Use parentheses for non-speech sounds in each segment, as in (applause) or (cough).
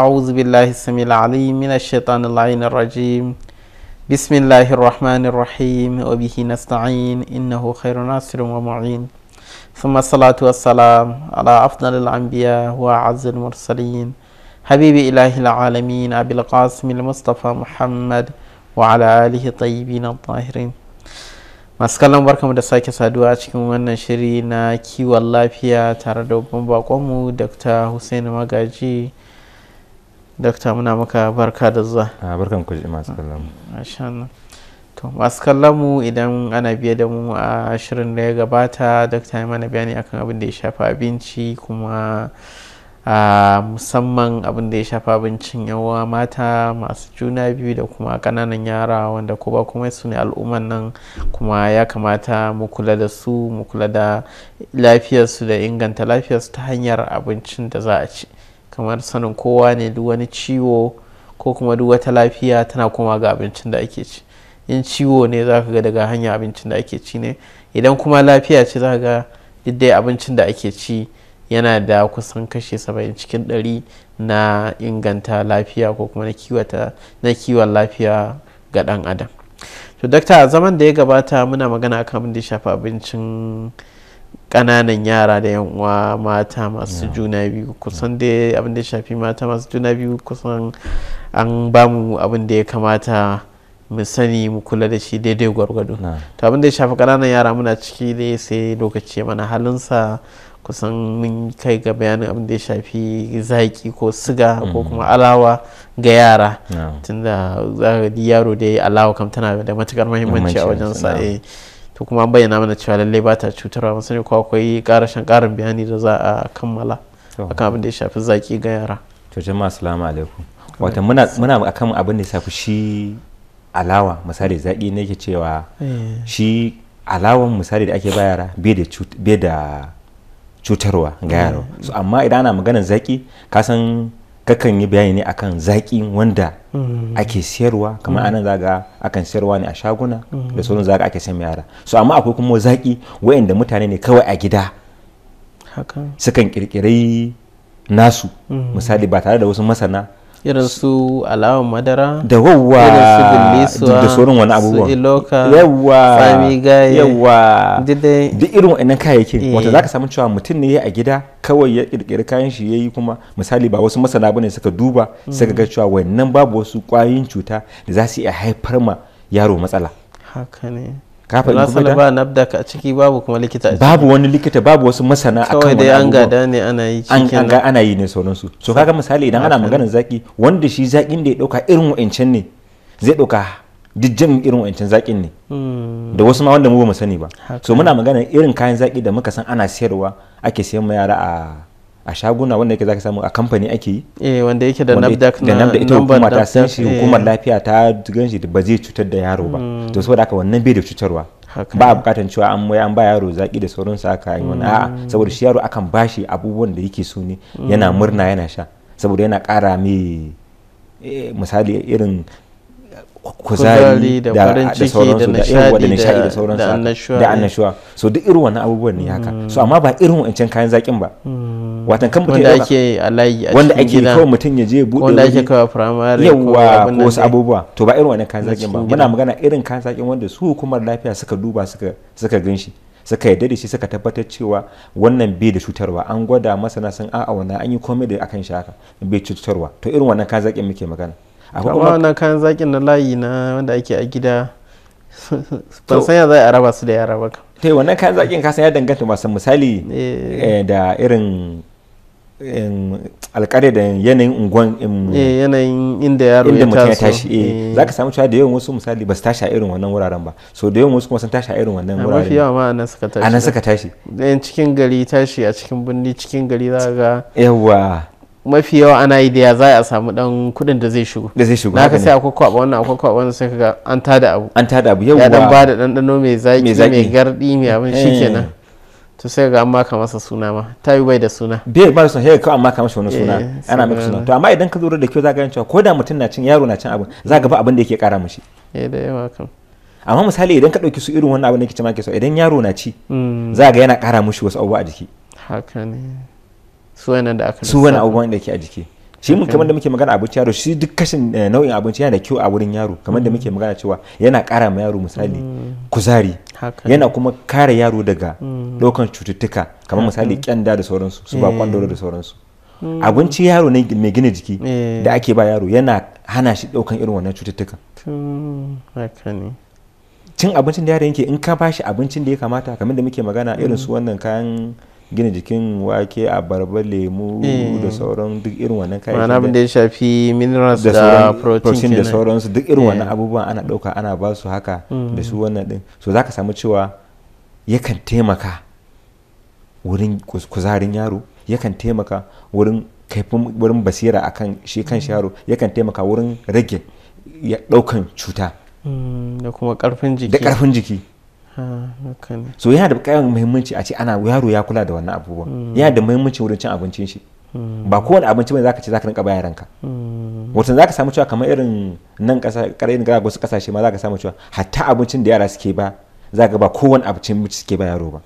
أعوذ بالله السميع العليم من الشيطان اللعين الرجيم بسم الله الرحمن الرحيم وبه نستعين إنه خير ناصر ومعين ثم الصلاة والسلام على أفضل الأنبياء وأعز المرسلين حبيب إله العالمين أبي القاسم المصطفى محمد وعلى آله الطيبين الطاهرين masu kallon barkamu da sake saduwa a cikin wannan shiri na kiwon lafiya tare da babban bakonmu dr hussein magaji dakta muna maka barka da zuwa a barkan ku masu kallon to masu kallon mu idan ana biye da mu a shirin da ya gabata dakta ya mana bayani akan abin da ya shafa abinci kuma a musamman abin da ya shafa abincin yawa mata masu juna biyu da kuma kananan yara wanda ko ba kuma su ne al'umman nan kuma ya kamata mu kula da su mu kula da lafiyarsu da inganta lafiyarsu ta hanyar abincin da za a ci kamar sanin kowa ne duk wani ciwo ko kuma duk wata lafiya tana koma ga abincin da ake ci in ciwo ne za ka ga daga hanyar abincin da ake ci ne idan kuma lafiya ce za ga duk abincin da ake ci yana da kusan kashe 70 cikin 100 na inganta lafiya ko kuma na kiwon lafiya ga dan adam to dakta a zaman da ya gabata muna magana kan abin da ya shafi abincin ƙananan yara da yan uwa mata masu juna biyu kusan dai abin da shafi mata masu juna biyu kusan an bamu abin da ya kamata mu sani mu kula da shi daidai gwargwado to abin da ya shafi kananan yara muna ciki ne sai lokaci mana halinsa kusan mun kai ga bayanin abin da ya shafi zaki ko siga ko mm. kuma alawa ga yara tunda yaro da alawa kam tana da matukar muhimmanci a wajen sa to kuma an bayyana mana cewa lallai ba ta cutarwa mun sani ko akwai karashen karin bayani da za a kammala akan abin da ya shafi zaki ga yara to jama'a assalamu alaikum wato muna muna akan abin da ya shafi shi alawa misali zaki ne ke cewa eh. shi alawan misali da ake ba yara bai da cutarwa ga yaro eh. so amma idan ana maganar zaki kasan. kakan yi bayani ne akan zaki wanda mm. ake siyarwa kamar mm. anan zaga akan siyarwa ne a shaguna mm. da sauran zaga ake sayan yara so amma akwai kuma zaki wayanda mutane ne kawai a gida sukan kirkirai nasu misali ba tare da wasu masana irin su alawan madara da wawa da sauran wani abubuwan iloka yawa sami gaye yawa duk irin wannan kayayyakin wata eh. zaka samu cewa mutum ne ya a gida kawai ya kirkiri kayan shi yayi kuma misali ba wasu masana bane suka duba suka ga cewa wannan babu wasu kwayoyin cuta da za su iya haifar ma yaro matsala haka ne kafa in ba nabda ka ciki babu kuma likita a ciki babu wani likita babu wasu masana akan kawai dai an gada ne ana yi cikin an ga ana yi ne sauransu so kaga misali idan ana maganar zaki wanda shi zakin da ya dauka irin wa'ancan ne zai dauka duk jin irin wancan zakin ne hmm. da wasu ma wanda mu bamu sani ba so muna magana irin kayan zaki da muka san ana sayarwa ake sayan ma yara a a shaguna wanda yake zaka samu a kamfani ake yi eh wanda yake da nabdak na da ita hukuma ta san shi hukumar eh. lafiya ta gan shi ba zai cutar da yaro ba hmm. to saboda haka wannan bai da cutarwa ba a bukatan cewa an mai an ba yaro zaki da sauransu aka yi wani a'a hmm. saboda shi yaro akan bashi abubuwan da yake so ne yana murna yana sha saboda yana kara mai eh, misali irin kuzari da farin ciki da nishadi da sauransu da annashuwa so duk irin wannan abubuwan ne haka so amma ba irin wancan kayan zakin ba hmm. watan kan mutum wanda ake a layi a wanda ake kawai mutum ya je bude wanda ake kawai primary yawa ko wasu abubuwa to ba irin wannan kayan zakin ba muna magana irin kayan zakin wanda su hukumar lafiya suka duba suka suka ganshi suka yarda da shi suka tabbatar cewa wannan bai da cutarwa an gwada masana sun a'a wannan an yi komai da akan shi haka bai cutarwa to irin wannan kayan zakin muke magana akwai wannan kayan zakin na layi na wanda ake a gida (laughs) ban san ya za a raba su da yara ba to wannan kayan zakin kasan ya danganta masu misali eh. Eh, da irin alkare da yanayin unguwan eh, yanayin inda yaro ya taso ya tashi za ka samu cewa da yawan wasu misali ba su tashi a irin wannan wuraren ba so da yawan wasu kuma sun tashi a irin wannan wuraren mafi yawa ma nan suka tashi a nan suka tashi ɗayan cikin gari tashi a cikin birni cikin gari za ga yawa mafi yawa ana yi da ya za a samu dan kudin da zai shigo da zai shigo na ka sai akwai kwaba wannan akwai kwaba wannan sai kaga an tada abu an tada abu yawa ya dan bada dano mai zaki mai gardi mai abin shikenan eh. to sai ga an maka masa suna ma ta yi bai da suna bai ba su sai ka amma ka masa wani suna eh, ana maka suna to amma idan ka zo da kyau za ka cewa ko da mutum na cin yaro na cin abu za ka ba abin da yake kara mishi eh da yawa kan amma misali idan ka dauki su irin wannan abin da yake ma ke so idan yaro na ci hmm. za ga yana kara mishi wasu abubuwa a jiki haka ne su wannan da aka su wani abubuwan da ke a jiki shi mun kamar da muke magana abinci yaro shi duk kashin eh, nau'in abinci yana da kyau a wurin yaro kamar da mm. muke magana cewa yana kara ma yaro misali mm. kuzari yana kuma kare yaro daga mm. ɗaukan cututtuka kamar misali kyanda da sauransu su ba kwandoro eh. da sauransu abinci yaro ne mai gina jiki eh. da ake ba yaro yana hana shi ɗaukan irin wannan cututtuka cin abincin da yaro yake in ka bashi abincin da ya kamata kamar da muke magana irin su wannan kayan gina jikin wake abarba lemu eh. da sauran duk irin wannan kayan ma'ana abin da ya shafi minerals da protein da sauransu duk irin wannan eh. abubuwan ana dauka ana ba su haka mm. da su wannan din so za ka samu cewa yakan taimaka wurin kuzarin yaro yakan taimaka wurin kaifin wurin basira akan shi kan mm. yaro yakan taimaka wurin rage ɗaukan cuta mm, da kuma ƙarfin jiki da ƙarfin jiki so yana da kayan muhimmanci a ce ana yaro ya kula da wannan abubuwan hmm. yana da muhimmanci wurin cin abincin shi hmm. ba kowane abinci bane zaka ce zaka rinka bayan ranka hmm. watan zaka samu cewa kamar irin nan kasa karayin ga wasu kasashe ma zaka samu cewa hatta abincin da yara suke ba zaka ba kowane abincin suke ba yaro ba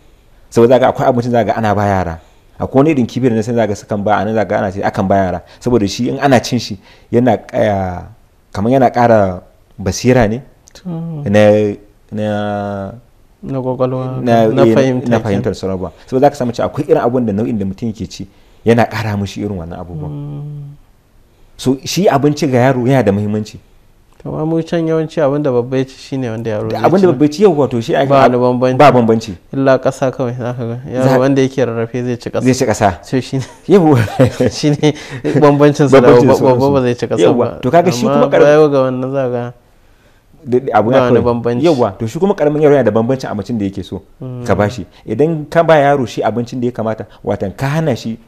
saboda zaka akwai abincin zaka ana ba yara akwai wani irin kibir na sai zaka sukan ba a nan zaka ana ce akan ba yara saboda shi in ana cin shi yana kamar yana ƙara basira ne na na kwakwalwa na eh, fahimtar sarrafa so za ka samu cewa akwai irin abun da nau'in da mutum yake ci yana ƙara mushi irin wannan abubuwan mm. so shi abinci ga yaro yana da muhimmanci kuma mu can yawanci abin da babba ya ci shine wanda yaro ya ci abin da babba ya ci yau wato shi ake ba wani bambanci ba bambanci illa kasa kawai za ka ga yaro wanda yake rarrafe zai ci kasa zai ci kasa so shine yau (laughs) shine bambancin sa da babba ba zai ci kasa ba to kaga shi kuma karfi ga wannan ka. abu ya da bambanci yawa to shi kuma karamin yaro yana da bambancin abincin da yake so ka hmm. bashi idan ka ba yaro shi abincin da ya kamata watan ka hana shi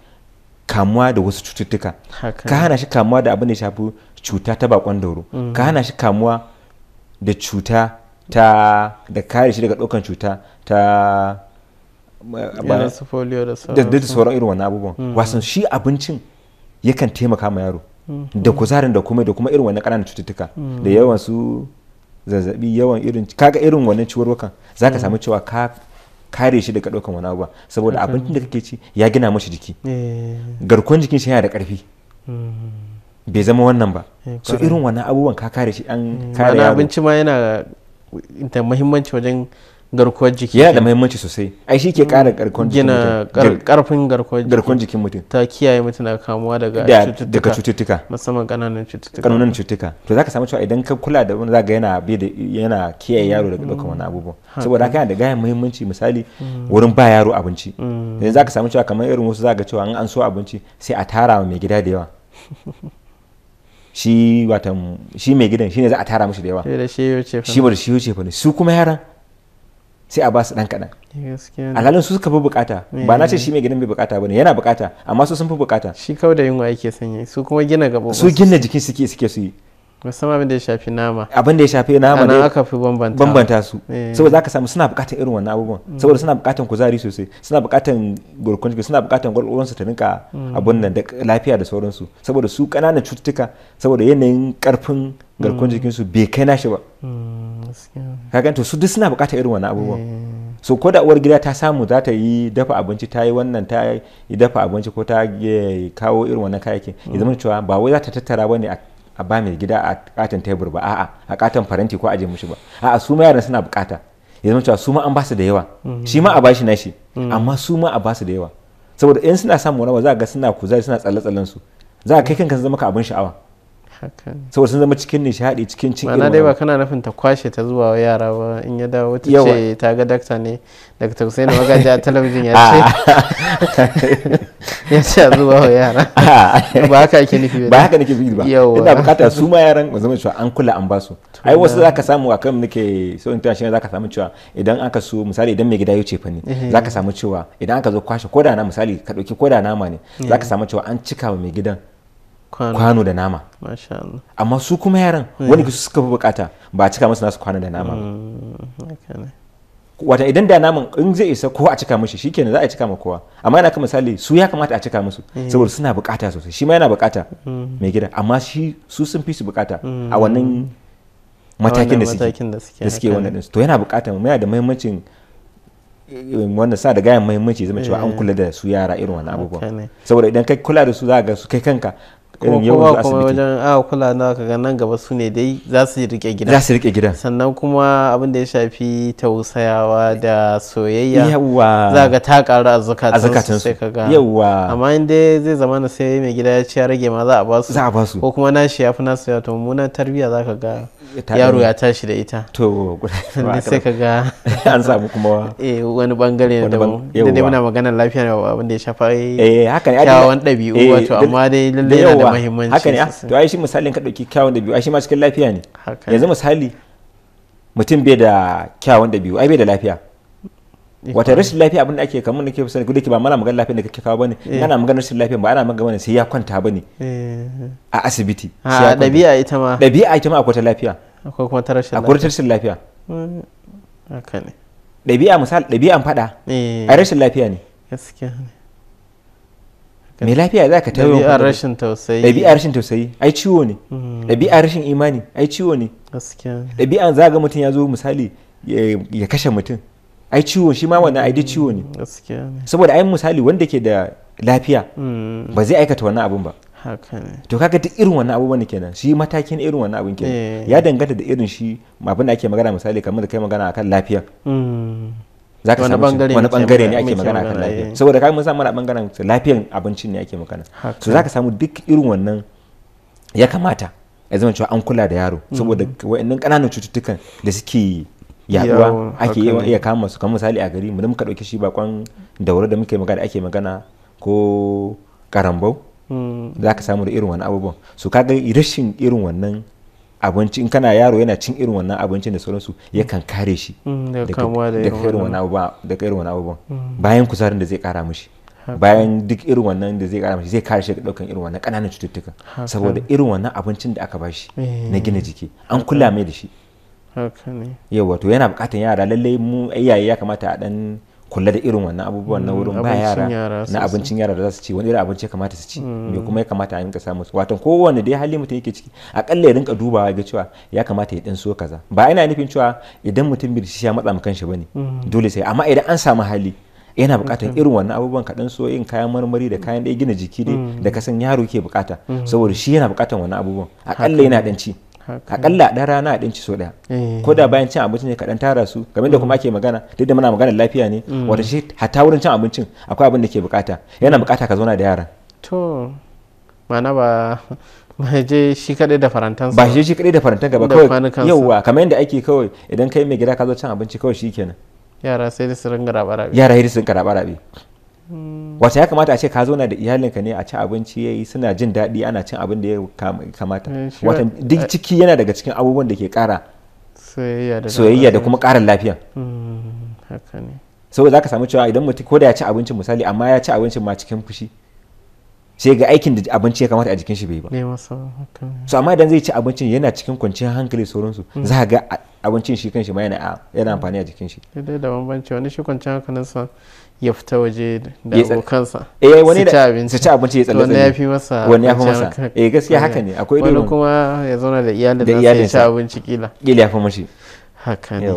kamuwa da wasu cututtuka ka hana shi kamuwa da abin da ya shafi cuta ta bakon dauro hmm. ka hana shi kamuwa da cuta ta da kare shi daga ɗaukan cuta ta da sauran irin wani abubuwan hmm. wasan shi abincin yakan taimaka ma yaro da kuzarin da kuma da kuma irin wani ƙananan cututtuka da yawan su zazzabi yawan irin kaga irin wannan ciwarwakan za ka mm. samu cewa ka kare shi daga ɗaukan wani abuwa saboda mm-hmm. abincin da kake ci ya gina mashi jiki eh. garkuwan jikin shi yana da ƙarfi mm-hmm. bai zama wannan ba eh, so irin wannan abubuwan ka kare shi an mm. kare abinci ma yana da muhimmanci wajen garkuwar jiki ya da muhimmanci sosai ai shi ke kara garkuwar jikin mutum karfin garkuwar jikin mutum ta kiyaye mutum daga kamuwa daga cututtuka cututtuka musamman kananan cututtuka kananan cututtuka to zaka samu cewa idan ka kula da wani zaka yana bi da yana kiyaye yaro daga dukkan wani abubuwa mm. saboda haka yana da gayan muhimmanci misali mm. wurin ba yaro abinci idan mm. zaka samu cewa kamar irin wasu zaka cewa an an so abinci sai a tara wa mai gida da yawa (laughs) shi watan shi mai gidan shine za a tara mishi da yawa shi ba da shi ce fa su kuma yaran sai a ba su dan kadan alhalin su suka fi bukata eh, ba na eh. ce shi mai ginin bai bukata ba ne yana bukata amma su sun fi bukata shi kawai da yunwa yake sanyi su kuma gina gaba su gina jikin suke suke su yi musamman abin da ya shafi nama abin da ya shafi nama ne aka fi bambanta su eh. saboda zaka samu suna bukatan irin wannan abubuwan mm. saboda suna bukatan kuzari sosai suna bukatan gurkun jiki suna bukatan gwargwaron su ta rinka mm. abun nan da lafiya da sauransu saboda su kananan cututtuka saboda yanayin karfin garkuwar mm. jikin su bai kai nashi ba Hmm, ka to su duk suna bukatar irin wani abubuwan eh. so ko da uwar gida ta samu za ta yi dafa abinci ta yi wannan ta yi dafa abinci ko ta eh, kawo irin wannan kayayyakin ya hmm. zama cewa ba wai za ta tattara ba ne a ba mai gida a katon tebur ba a'a a katon faranti ko aje mushi ba a'a su ma yaran suna bukata ya zama cewa su ma an ba su da yawa hmm. shi ma a bashi shi. amma su ma a ba su da yawa saboda in suna samun rawa za ga suna kuzari suna tsalle-tsallen su za a kai kanka zama ka abin sha'awa saboda sun zama cikin nishadi cikin cin ilimi dai ba kana nufin ta kwashe ta zuwa yara ba in ya dawo ta ce ta ga dakta ne daga tausayin magaji a (laughs) talabijin ya ce ah. (laughs) ya ce a zuwa wa yara (laughs) ah. ba haka ake nufi ba haka nufi ba ina bukata su ma yaran ba zama cewa an kula an basu ai wasu zaka samu kan nake so in tashi zaka samu cewa idan aka so misali idan mai gida ya ce fani ne eh. zaka samu cewa idan aka zo kwashe koda na misali ka dauki koda nama ne zaka eh. samu cewa an cika wa mai gidan kwano da nama amma su kuma yaran hmm. wani su suka fi bukata ba a cika masu nasu kwano da nama hmm, wata idan da naman in zai isa kowa a cika mishi shikenan za a cika ma kowa amma yana kan misali su ya kamata a cika musu hmm. saboda suna bukata sosai shi ma yana bukata mai gida amma shi su sun fi su bukata a wannan matakin da suke wannan din to yana bukata mu yana da muhimmancin wanda sa da gayan muhimmanci zama cewa an kula da su yara irin wannan abubuwan saboda idan kai kula da su za ga su kai kanka irin yawan zuwa wajen a kula na kaga nan gaba su ne dai za su rike gida za su rike gida sannan kuma abin da ya shafi tausayawa da soyayya yawa za ga ta karu a zakatun sai kaga yawa amma in dai zai zama na sai mai gida ya ci ya rage ma za a ba su za a ba su ko kuma na shi ya fi nasu ya to mummunan tarbiyya za ka ga yaro ya tashi da ita to sai ka ga (laughs) an samu kuma eh wani bangare da da muna maganar lafiya ne abin da ya shafa eh, eh haka ne kyawun dabi'u eh, wato amma dai lalle yana da muhimmanci haka ne to ai shi misalin ka dauki kyawun dabi'u ai shi ma cikin lafiya ne yanzu misali mutum bai da kyawun dabi'u ai bai da lafiya eh, wata rashin lafiya abin da ake kamar da ke sani gudu ke ba mana magana lafiya da kake kawo bane ana magana rashin lafiya ba ana magana bane sai ya kwanta bane a asibiti ah, a dabi'a ita ma dabi'a ita ma akwai ta lafiya akwai kuma ta rashin lafiya akwai rashin lafiya haka ne ɗabi'a misal ɗabi'an faɗa eh. a rashin lafiya ne gaskiya ne mai lafiya za ka tawo ɗabi'ar rashin tausayi ɗabi'ar rashin tausayi ai ciwo ne hmm. ɗabi'ar rashin imani ai ciwo ne gaskiya ɗabi'an za ga mutum ya zo misali ya kashe mutum ai ciwo shi ma wannan ai duk ciwo ne saboda ai misali wanda ke da lafiya hmm. ba zai aikata wannan abun ba to kaga duk irin wannan abubuwan kenan shi matakin irin wannan abin kenan eh. ya danganta da irin shi abin da ake magana misali kamar da kai magana akan lafiya hmm. za ka samu wani bangare ne ake magana akan lafiya eh. saboda kaka mun samu mana bangaren lafiyan abincin ne ake magana so za ka samu duk irin wannan ya kamata ya zama cewa an kula da yaro hmm. saboda wa'annan kananan cututtukan da suke yaduwa ake iya kama su kamar misali a gari mu da muka dauki shi bakon daura da muke magana ake magana ko karambau Hmm. za ka samu da irin wani abubuwan ka kaga rashin irin wannan abinci in kana yaro yana cin irin wannan abincin da sauransu yakan kare shi hmm, daga irin wani abubuwan hmm. bayan kuzarin da zai kara mishi bayan duk irin wannan da zai kara mashi zai kare shi da daukan irin wannan kananan cututtuka saboda irin wannan abincin da aka bashi na eh. gina jiki an kula mai da shi yawa to yana bukatan yara lallai mu iyaye ya kamata a dan kula da irin wannan abubuwan na mm, wurin ba yara na abincin yara da za su ci wani irin abinci ya kamata su ci mm. me kuma ya kamata a rinka samu su wato kowanne dai hali mutum yake ciki akalla ya rinka dubawa ga cewa ya kamata ya dan so kaza ba ina nufin cewa idan mutum bai shi ya matsa mu kanshi bane mm. dole sai amma idan an samu hali yana bukatar irin wannan abubuwan kaɗan so yin kayan marmari da kayan ɗaya gina jiki dai da kasan yaro ke bukata saboda shi yana bukatar wannan abubuwan akalla yana dan ci akalla da rana a ci so daya eh. ko da bayan cin abincin ne ka tara su game da mm. kuma ake magana duk da muna magana lafiya ne mm. wata shi hatta wurin cin abincin akwai abin da ke bukata yana bukata ka zauna da yara. to ma'ana ba (laughs) ba je shi kadai da farantan ba je shi kadai da farantan gaba kawai yauwa kamar yadda ake kawai idan kai mai gida ka zo cin abinci kawai shikenan yara sai da su ringa rabe yara sai da su ringa rabe Hmm. wata ya kamata a ce ka zauna da iyalinka ne a ci abinci yayi suna jin daɗi ana cin abin da ya kamata eh, wata duk eh. ciki yana daga cikin abubuwan da ke ƙara soyayya da kuma ƙarin lafiya hmm, saboda za ka samu cewa idan mutum ko da ya ci abincin misali amma ya ci abincin ma cikin fushi sai ga aikin da abinci ya kamata a jikin shi bai ba so amma idan zai ci abincin yana cikin kwanciyar hankali sauransu hmm. za ga abincin shi kanshi ma yana yana amfani a jikin shi dai da bambanci wani shi kwanciyar hankalin sa ya fita waje da abokansa eh wani da su ci abinci ya tsalle wani ya fi masa wani ya fi masa eh gaskiya haka ne akwai wani kuma ya zauna da iyalin da ya ci abinci kila kila ya fi mashi haka ne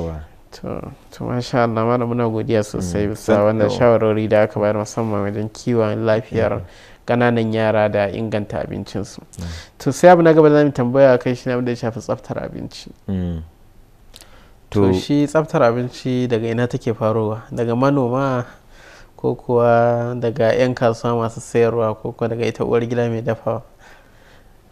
to masha Allah muna godiya sosai hmm. bisa wannan shawarwari da aka bayar musamman wajen kiwon lafiyar hmm. Kananan yara da inganta abincinsu mm. to sai abu na gaba za tambaya kai shi abin da ya shafi tsaftar abinci mm. to shi tsaftar abinci daga ina take faruwa daga manoma ko kuwa daga 'yan kasuwa masu sayarwa ko kuwa daga ita uwar gida mai dafawa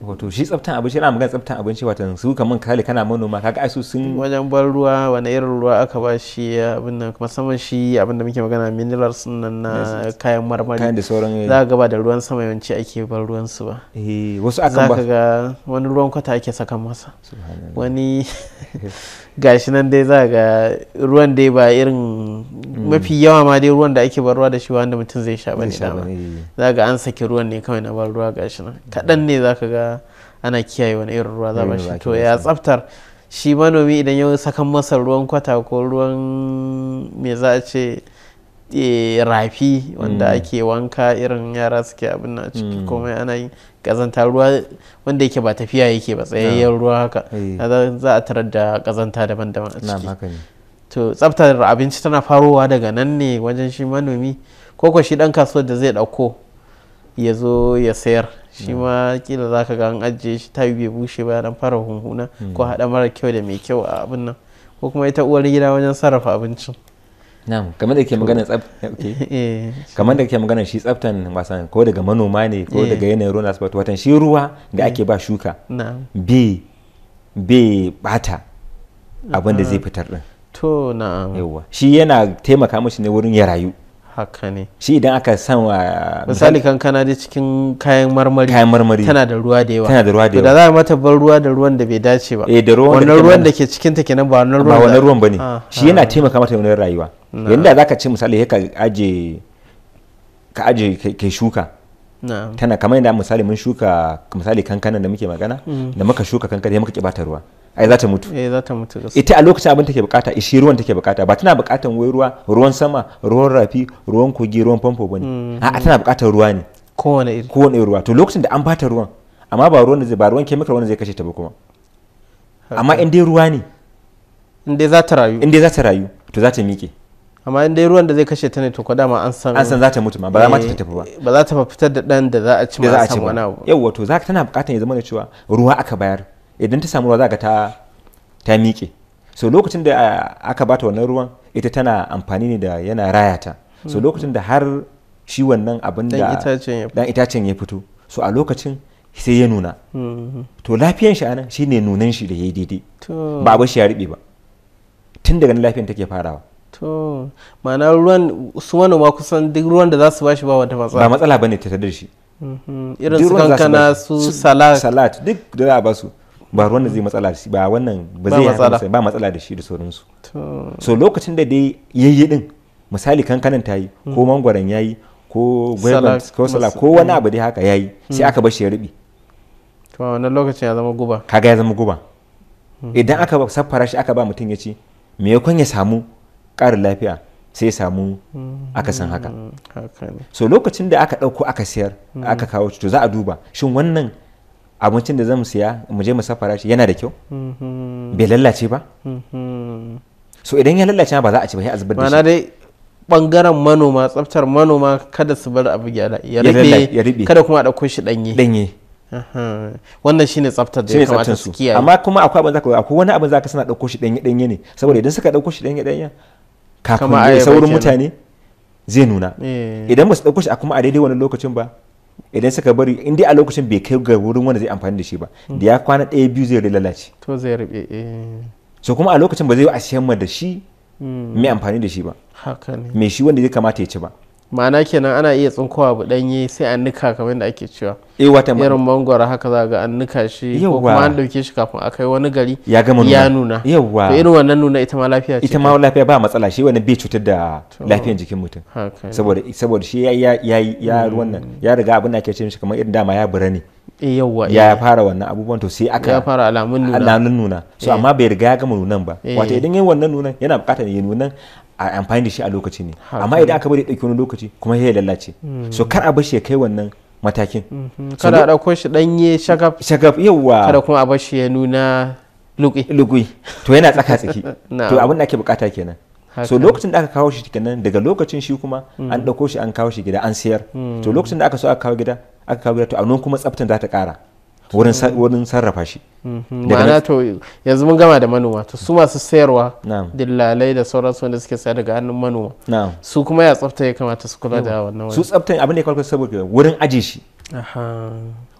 wato shi tsaftan abinci yana magana tsaftan abinci wato su kaman kale kana manoma kaga ai su sun wajen ban ruwa wani irin ruwa aka ba shi abin nan musamman shi abin da muke magana sun nan na kayan marmari kayan da sauran eh, za ka gaba da ruwan sama yawanci ake ban ruwan su ba eh wasu akan ba za ka ga wani ruwan kwata ake saka masa wani eh. (laughs) gashi nan dai za ga ruwan dai ba irin mm. mafi yawa ma dai ruwan da ake ban ruwa da shi wanda mutum zai sha bane dama eh. za ga an saki ruwan ne kawai na ban ruwa gashi nan mm. kadan ne za ka ga ana kiyaye wani irin ruwa za shi to ya tsaftar shi manomi idan ya sakan masa ruwan kwata ko ruwan me za a ce e, rafi wanda mm. ake wanka irin yara suke abin na ciki mm. komai ana yi kazanta ruwa wanda yake ba tafiya yake ba tsayayyen ah. ruwa haka eh. za a tarar da kazanta daban-daban a ciki to tsaftar abinci tana farowa daga nan ne wajen shi manomi ko ko shi dan kasuwar da zai dauko ya zo ya sayar shi ma kila za ka ga an ajiye shi ta bai bushe ba dan fara hunhuna ko hmm. haɗa mara kyau da mai kyau a abin nan ko kuma ita uwar gida wajen sarrafa abincin na'am kamar da ke magana (laughs) eh. kamar da ke magana shi tsaftan wasan ko daga manoma ne ko eh. daga yanayin ruwa nasu watan shi ruwa da hmm. ake ba shuka be bai bata abin da zai ah. fitar din to na'am yawa shi yana taimaka mishi ne wurin ya rayu haka ne shi idan aka san wa misali kankana da cikin kayan marmari kayan marmari tana da ruwa da yawa tana da ruwa da yawa da za a mata bar ruwa da ruwan da bai dace ba eh da ruwan wannan ruwan da ke cikin ta kenan ba wannan ruwan ba wannan ruwan bane ah, shi yana ah. taimaka mata wajen rayuwa yanda zaka ce misali ka aje ka aje ke shuka tana kamar yadda misali mun shuka misali kankana da muke magana mm. da muka shuka kankana da muka ki ta ruwa ai za ta mutu eh za ta mutu ita a lokacin abin take bukata ishi ruwan take bukata ba tana bukatan wai ruwa ruwan sama ruwan rafi ruwan kogi ruwan famfo bane mm-hmm. a'a tana bukatan ruwa ne kowane iri kowane ruwa to lokacin da an bata ruwan amma ba ruwan da zai ba ruwan chemical wanda zai kashe ta ba kuma amma in dai ruwa ne in dai za ta rayu in dai za ta rayu to za ta miƙe amma in dai ruwan da zai kashe ta ne to kwada ma an san an san za ta mutu ma ba za ma ta eh, tafi ba ba za ta fitar da dan da za a ci ma san wani abu yawwa to za tana bukatan ya zama da cewa ruwa aka bayar idan ta samu ruwa za ka ta ta miƙe so lokacin da aka bata wannan ruwan ita tana amfani ne da yana raya ta so hmm. lokacin da har shi wannan abin da dan itacen ya fito so a lokacin sai ya nuna hmm. to lafiyan shi anan shine nunan shi da ya daidai ba ba shi ya riɓe ba tun daga lafiyan take farawa to ma'ana ruwan su wani ma kusan duk ruwan da za su bashi ba wata matsala ba matsala bane ta da shi hmm. irin su kankana su salat duk da za a ba su ba ruwan zai matsala da shi ba wannan ba zai matsala ba matsala da shi da sauransu so lokacin da dai yayi din misali kankanan ta yi hmm. ko mangwaron ya yi ko gwaiban ko sala ko wani hmm. abu dai haka ya yi sai hmm. aka bar shi ya rubi to wannan lokacin ya zama guba kaga ya zama guba idan aka saffara shi aka ba mutum ya ci me yakon ya samu karin lafiya sai ya samu akasin haka so lokacin da aka ɗauko aka sayar aka kawo to za a duba shin wannan abincin da zan siya mu je mu safara shi yana da kyau mhm. bai lallace ba mhm. so idan ya lallace ba za a ci ba sai a zubar da shi dai bangaren manoma tsaftar manoma kada su bar abu ya rabe kada kuma a dauko shi danye danye wannan shine tsaftar da ya kamata su kiyaye amma kuma akwai abin zaka akwai wani abin zaka suna dauko shi danye danye ne saboda idan suka dauko shi danye danye kafin saurin mutane zai nuna eh. idan ba su dauko shi a kuma a daidai wani lokacin ba idan suka bari in dai a lokacin bai kai ga wurin wanda zai amfani da shi ba da ya kwana ɗaya biyu zai lalace to zai rabe eh. so kuma a lokacin ba zai yi a siyan da shi hmm. mai amfani da shi ba mai shi wanda zai kamata ya ci ba ma'ana kenan ana iya tsinkowa abu danye sai an nika kamar da ake cewa eh, irin mangwara haka za ga an nika shi ko kuma an dauke shi kafin a kai wani gari ya gama nuna ya nuna yawa to irin wannan nuna ita ma lafiya ce ita ma lafiya ba matsala shi wani bai cutar da lafiyar jikin mutum saboda saboda shi ya ya ya hmm. wannan ya riga abin da ake ce shi kamar irin dama ya burani eh, yawa ya eh. fara wannan abubuwan to sai aka ya fara alamun nuna alamun nuna so amma bai riga ya gama nunan ba wato idan yin wannan nunan yana bukatar yin nunan a amfani da shi a lokaci ne amma idan aka bari dauki wani lokaci kuma ya lalace mm. so kar a bashi ya kai wannan matakin mm-hmm. kada a dauko shi danye shagab shagab yawa kada kuma a bashi ya nuna lugui lugui to yana tsaka tsaki (laughs) to abin da ake bukata kenan so lokacin da aka kawo shi kenan daga lokacin shi kuma mm. an dauko shi an kawo shi gida an siyar. to mm. lokacin da aka so aka kawo gida aka kawo gida to a nan kuma tsaftan za ta kara wurin sarrafa shi mhm. ma'ana to yanzu mun gama da manoma to su masu sayarwa dillalai da sauransu wanda suke saya daga hannun manoma su kuma ya tsafta ya kamata su kula da wannan su tsafta abin da ya kwalkwata saboda wurin aji shi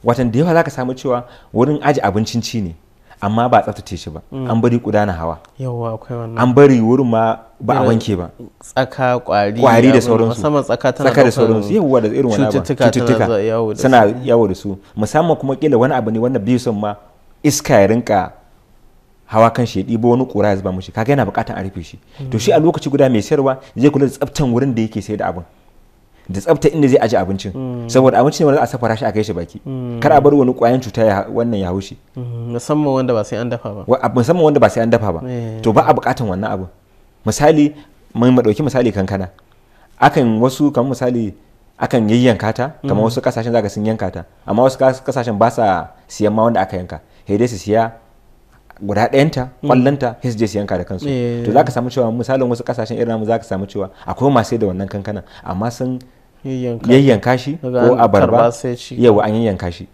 watan da yawa za ka samu cewa wurin aji abincin ci ne amma ba tsaftace shi ba mm. an bari kuda na hawa yawa akwai wannan an bari wurin ma ba a wanke ba tsaka kwari kwari da sauransu musamman tsaka tana tsaka da sauransu yawa da irin wannan cututtuka suna yawo da su musamman kuma kila wani abu ne wanda bai son ma iska ya rinka hawa kan shi ya ɗibo wani kura ya zuba mushi kaga yana buƙatar a rufe shi to shi a mm. lokaci guda mai sayarwa zai kula da tsaftan wurin da yake sayar da abin da tsafta inda zai aji abincin mm. saboda abincin wanda a safara shi a kai shi baki mm. kar a bar wani kwayan cuta ya wannan ya hushe mm, musamman wanda ba sai an dafa ba musamman wanda ba sai an dafa ba eh. to ba a bukatan wannan abu misali mai mu dauki misali kankana akan wasu kamar misali akan yayyanka ta kamar wasu kasashen zaka sun yanka ta amma wasu kasashen ba sa siyan ma wanda aka yanka sai dai su siya guda ɗayanta kwallonta sai su je su yanka da kansu eh. to zaka samu cewa misalin wasu kasashen irin namu zaka samu cewa akwai masu da wannan kankana amma sun yayyanka shi ko abarba yau an yayyanka shi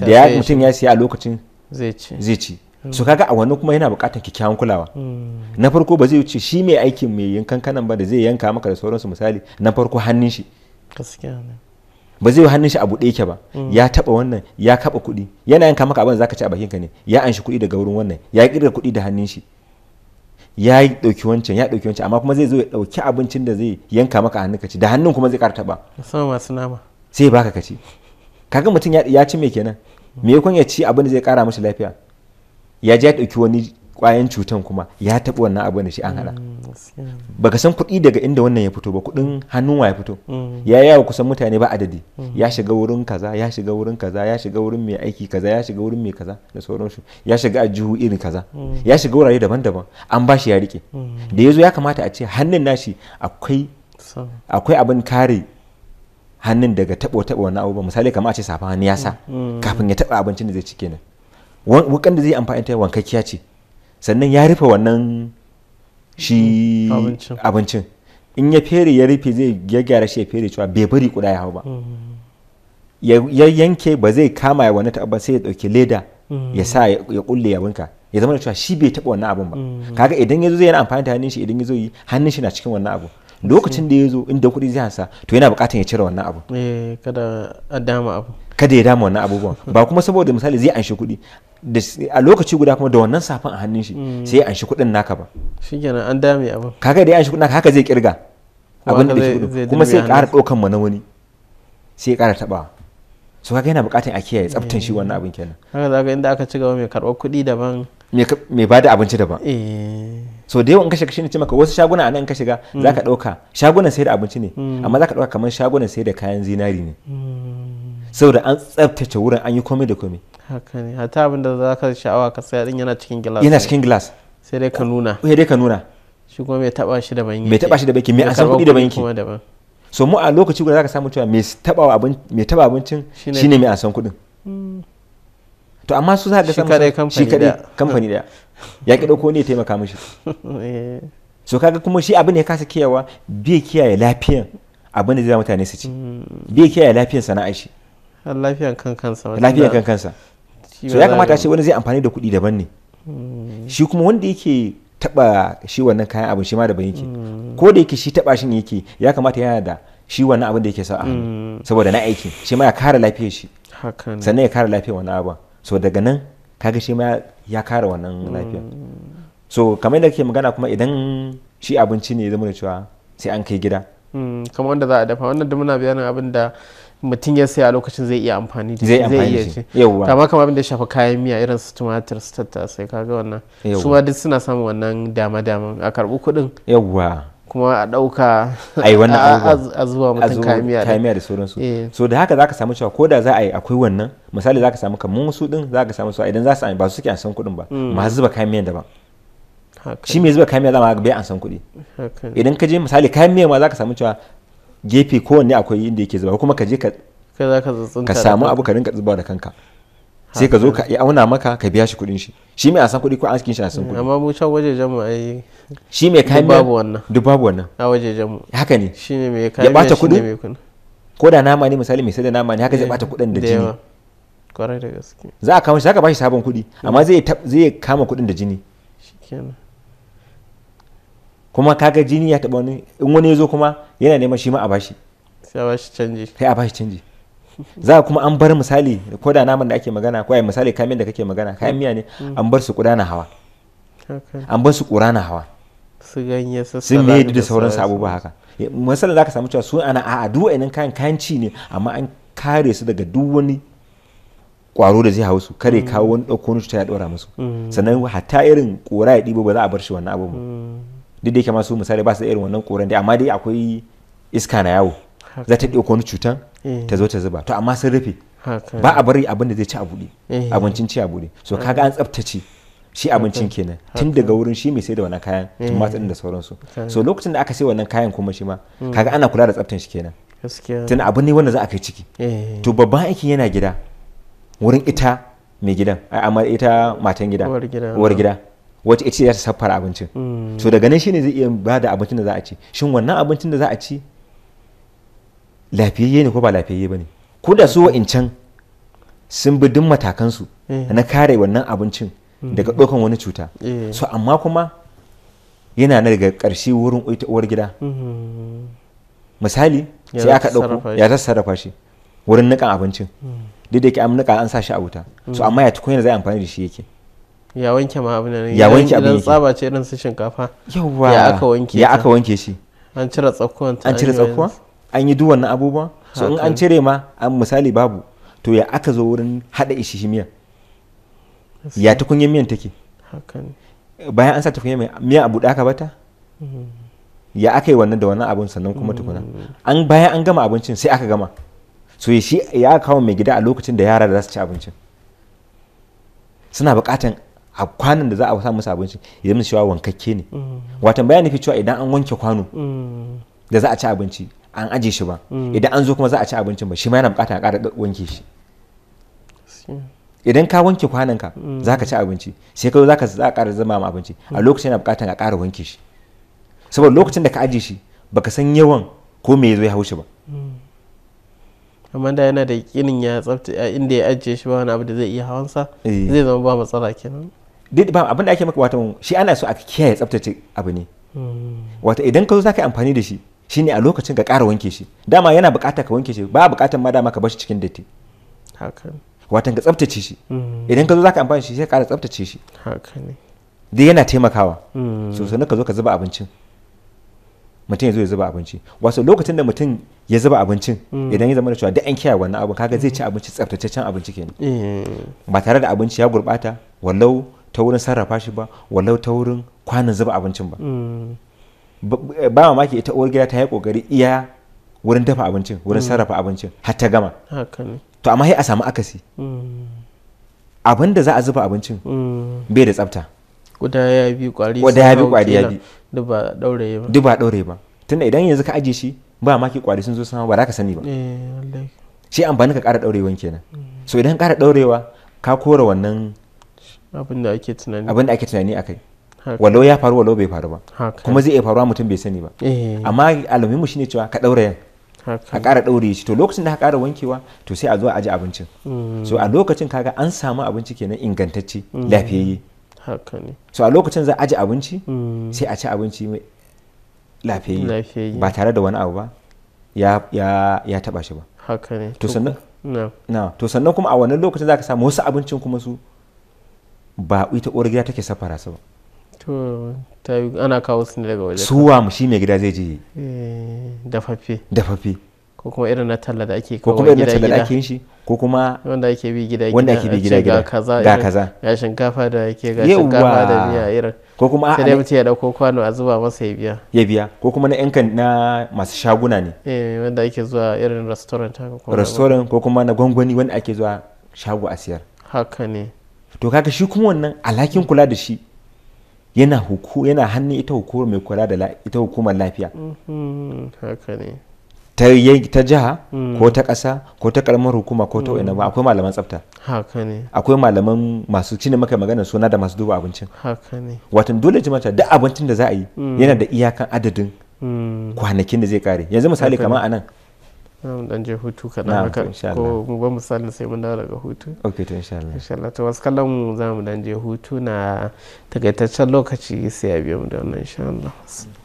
da ya mutum ya siya a lokacin zai ci hmm. su kaga a wannan kuma yana bukatar kyakkyawan kulawa hmm. na farko ba zai wuce shi mai aikin mai yankan kanan ba da zai yanka maka da sauransu misali na farko hannun shi ba zai hannun shi abu ɗaya ba hmm. ya taɓa wannan ya kaɓa kuɗi yana yanka maka abin zaka ci a bakinka ne ya anshi kuɗi daga wurin wannan ya kirga kuɗi da hannun shi ya ɗauki wancan ya dauki wancan amma kuma zai zo ya dauki abincin da zai yanka maka hannu ka ci da hannun kuma zai karta ta musamman masu nama sai baka ka ci kaga mutum ya ci mai kenan me ya ci abin da zai kara mashi lafiya ya ji ya ɗauki wani kwayan cutan kuma ya taɓa wannan abu da shi an hada baka san kuɗi daga inda wannan ya fito ba kuɗin hannun ya fito mm. ya yawa kusan mutane ba adadi mm. ya shiga wurin kaza ya shiga wurin kaza ya shiga wurin mai aiki kaza ya shiga wurin mai kaza da sauransu ya shiga a juhu irin kaza mm. ya shiga wurare daban-daban an ba shi ya rike da ya zo ya kamata a ce hannun nashi akwai abin kare hannun daga taɓo-taɓo abu ba. misali kamar a ce safa hannu ya sa kafin ya taɓa abincin da zai ci kenan wakan da zai amfani ta wankakkiya ce sannan ya rufe wannan shi abincin in ya fere ya rufe zai ya gyara shi ya fere cewa bai bari kuda ya hau ba mm-hmm. ya yanke ba zai kama wani taɓa sai ya ɗauki leda mm-hmm. ya sa ya kulle ya binka ya zama da cewa shi bai taɓa wannan abin ba mm-hmm. kaga idan ya zo zai yana amfani da hannun shi idan ya zo yi hannun shi na cikin wannan abu lokacin da ya zo inda kuɗi zai hansa to yana buƙatar ya cire wannan abu eh, kada a dama abu kada ya dama wannan abubuwan ba kuma saboda misali zai anshi kuɗi a lokaci guda kuma da wannan safan a hannun shi mm. sai an anshi kuɗin naka ba shikenan an dame abin kaga da ya anshi kuɗin naka haka zai kirga abin da shi kuma sai ƙara ɗaukan ma na wani sai ya ƙara taɓawa so kaga yana buƙatar a kiyaye tsaftan shi mm. wannan abin kenan haka zaka inda aka ci gaba mai karɓar kuɗi daban mai bada abinci daban eh. so da yawan kashe kashe ne cimaka wasu shaguna a nan ka shiga zaka mm. ɗauka shagunan sai da abinci ne amma zaka ɗauka kamar shagunan sai da kayan zinari ne saboda an tsabtace wurin an yi komai da komai haka ne hata abin da za ka sha'awa ka saya din yana cikin gilas yana cikin gilas sai dai ka nuna sai dai ka nuna shi kuma mai taba shi da banki mai taba shi da banki mai asan kuɗi da banki so mu a lokaci guda zaka samu cewa mai taba abin mai taba abincin shine mai asan kuɗin hmm. to amma su za ka samu shi kadai kamfani da ya ki dauko ne ya taimaka mishi (laughs) eh. so kaga kuma shi abin da ya kasa kiyawa bai kiyaye lafiyan abin da zai mutane su ci hmm. bai kiyaye lafiyan shi lafiyan kan kansa kan kansa so ya kamata shi wani zai amfani da kuɗi daban ne hmm. shi kuma wanda yake taba shi wannan kayan abin shi ma daban yake hmm. ko da yake shi taba shi yake ya kamata yana da shi wannan abin da yake sa hmm. saboda na aiki shi ma ya kare lafiyar shi sannan ya kare lafiyar wannan abin so daga nan kaga shi ma ya kare wannan lafiya so kamar yadda ke magana kuma idan shi abinci ne ya zama da cewa sai an kai gida kamar wanda za a dafa wannan da muna bayanin abin da mutum ya saya lokacin zai iya amfani da shi zai iya shi yawa abin da shafa kayan miya irin su tumatir su tattasai kaga wannan su ma duk suna samun wannan dama dama a karbu kudin yauwa kuma a ɗauka ai wannan (laughs) a zuwa mutum kayan miya da sauransu eh. so da haka zaka samu cewa ko da za a yi akwai wannan misali zaka samu kamar wasu din zaka samu su idan za su ba su suke an san kudin ba mm. masu zuba kayan miya daban shi mai zuba kayan miya zama bai an san kudi idan ka je misali kayan miya ma zaka samu cewa gefe kowanne akwai inda yake zuba kuma ka je ka samu abu ka rinka zuba da kanka sai ka zo ka yi auna maka ka biya shi kuɗin shi shi mai asan kuɗi ko an cikin shi asan kuɗi amma mu can wajejen mu ai shi mai kayan babu wannan duk babu wannan a wajejen mu haka ne shi ne mai kayan ya bata kudi ko da nama ne misali mai sai da nama ne haka zai bata eh, kuɗin da jini kwarai da gaske za a kama shi haka ba shi sabon kuɗi hmm. amma zai kama kuɗin da jini shikenan kuma kaga jini ya taɓa wani in wani ya zo kuma yana neman shi ma a bashi sai a bashi canji sai a bashi canji (laughs) za kuma an bar misali ko da naman da ake magana ko ai misali kayan da kake magana kayan miya ne mm. an bar su kuda na hawa an bar su kura na hawa su ganye su sun ne da sauran abubuwa haka eh, misalin zaka samu cewa su ana a'a duk wa'annan kayan kayan ci ne amma an kare su daga duk wani kwaro da zai hau su kare mm. kawo wani dauko wani ya ɗora musu mm. sannan hatta irin kura ya ɗibo ba za a bar shi wannan abu duk da yake masu misali ba su da irin wannan koren dai amma dai akwai iska na yawo za ta ɗauko wani cutan eh. ta zo ta zuba to amma sun rufe ba a bari abin da zai ci a buɗe eh. abincin ci a buɗe so kaga an tsaftace shi abincin kenan tun daga wurin shi mai sai da wannan kayan tun eh. tumatir da sauransu so lokacin da aka sai wannan kayan kuma shi ma hmm. kaga ana kula da tsaftan shi kenan tun abu ne wanda za a kai ciki to babban aikin yana gida wurin ita mai gidan amma ita matan gida uwar gida wacce ita za ta saffara abincin hmm. so daga nan shine zai iya ba da abincin da za a ci shin wannan abincin da za a ci lafiyayye ne ko ba lafiyayye ba ne ko da su wa'incan sun bi duk matakansu eh. na kare wannan abincin hmm. daga ɗaukan wani cuta eh. so amma kuma yana na daga ƙarshe wurin uwar gida hmm. misali sai aka ɗauko ya ta sarrafa shi wurin niƙan abincin duk da yake an niƙa an sa shi a wuta so amma ya tukun yana zai amfani da shi yake ya wanke ma abin nan ya wanke abin tsaba ce irin su shinkafa yawa ya aka wanke ya aka wanke shi an cire tsakkuwan an cire tsakkuwa an yi duwannan abubuwa so in an cire ma an misali babu to ya aka zo wurin hada ishi shi miya ya kunye miyan take bayan an sa kunye miya abu daka aka bata mm. ya aka yi wannan da wannan abun sannan kuma mm. tukuna an bayan an gama abincin sai aka gama so ya shi ya kawo mai gida a lokacin da yara da za su ci abincin suna bukatan a kwanan da za a samu musu abinci ya zama cewa wankakke ne watan bayani fi cewa idan an wanke kwano da za a ci abinci an aje shi ba idan an zo kuma za a ci abincin ba shi ma yana bukata a ƙara wanke shi idan ka wanke ka za ka ci abinci sai ka zo za ka ƙara zama ma abinci a lokacin yana bukata a ƙara wanke shi saboda lokacin da ka aje shi baka san yawan ko me ya zo ya haushi ba amma da yana da kinin ya tsabta inda ya ajiye shi ba wani abu da zai iya hawansa eh. zai zama ba matsala kenan duk ba abin da ake maka wato shi ana so a kiyaye tsaftace abu ne wato idan ka zo zaka yi amfani da shi shi ne a lokacin ka ƙara wanke shi dama yana bukata ka wanke shi ba bukatan ma dama ka bar shi cikin datti watan ka tsaftace shi mm. idan ka zo zaka amfani shi sai ƙara tsaftace shi dai yana taimakawa mm. sosai na ka zo ka zuba abincin mutum ya zo ya zuba abinci wasu lokacin da mutum ya zuba abincin mm. idan ya zama da cewa duk an kiyaye wannan abin kaga zai ci abinci tsaftataccen abinci kenan eh. ba tare da abinci ya gurbata wallau ta wurin sarrafa shi ba walau ta wurin kwanan zuba abincin mm. ba ba mamaki ita uwar gida ta yi kokari iya wurin dafa abincin wurin mm. sarrafa abincin har ta gama to amma sai a samu akasi mm. abin da za a zuba abincin bai da tsafta guda ya bi kwari guda ya bi kwari ya bi duba daure ba duba daure ba tunda idan yanzu ka aje shi ba mamaki kwari sun zo sama ba za ka sani ba eh, shi amfani ka kara daurewa kenan so idan kara daurewa ka kora wannan abinda ake tunani a kai. ake tunani walau ya faru walau bai faru ba kuma zai iya faruwa mutum bai sani ba eh. amma alamin mu shine cewa ka daura yan a ƙara ɗaure shi to lokacin da ka ƙara wankewa to sai a zo a aji abincin mm. so a lokacin kaga an samu abinci kenan ingantacce mm. lafiyayye so a lokacin za a aji abinci mm. sai a ci abinci mai lafiyayye ba tare da wani abu ba ya taɓa shi ba to sannan kuma a wannan lokacin za ka samu wasu abincin kuma su ba ita uwar gida take safara su ba ana kawo su ne daga waje suwa mu shine gida zai je eh, dafaffe dafaffe ko kuma irin na talla da ake kawo gida gida ko kuma irin na talla da ake shi ko kuma wanda ake bi gida gida wanda ake bi gida gida ga kaza ga kaza ga shinkafa da yake ga shinkafa da miya irin ko kuma sai dai mutum ya dauko kwano a zuba masa ya biya ya biya ko kuma na yankan na masu shaguna ne eh wanda ake zuwa irin restaurant haka ko restaurant ko kuma na gwangwani wanda ake zuwa shago a siyar haka ne to kaga shi kuma wannan alhakin kula da shi yana huku yana hannun ita hukumar mai kula da ita hukumar lafiya mm-hmm. haka ne ta ta jiha mm. ko ta ƙasa ko ta karamar hukuma ko ta wani mm. ba akwai malaman tsafta akwai malaman masu cini maka magana suna da masu duba abincin haka ne watan dole jimata duk abincin da za a yi mm. yana da iyakan adadin kwanakin da zai kare yanzu misali kamar nan. dan je hutu kaɗan haka ko mu ba misali sai mun dawo daga hutu ok to insha Allah to wasu kallon mu za mu dan je hutu na takaitaccen lokaci sai ya biyo mu da wannan insha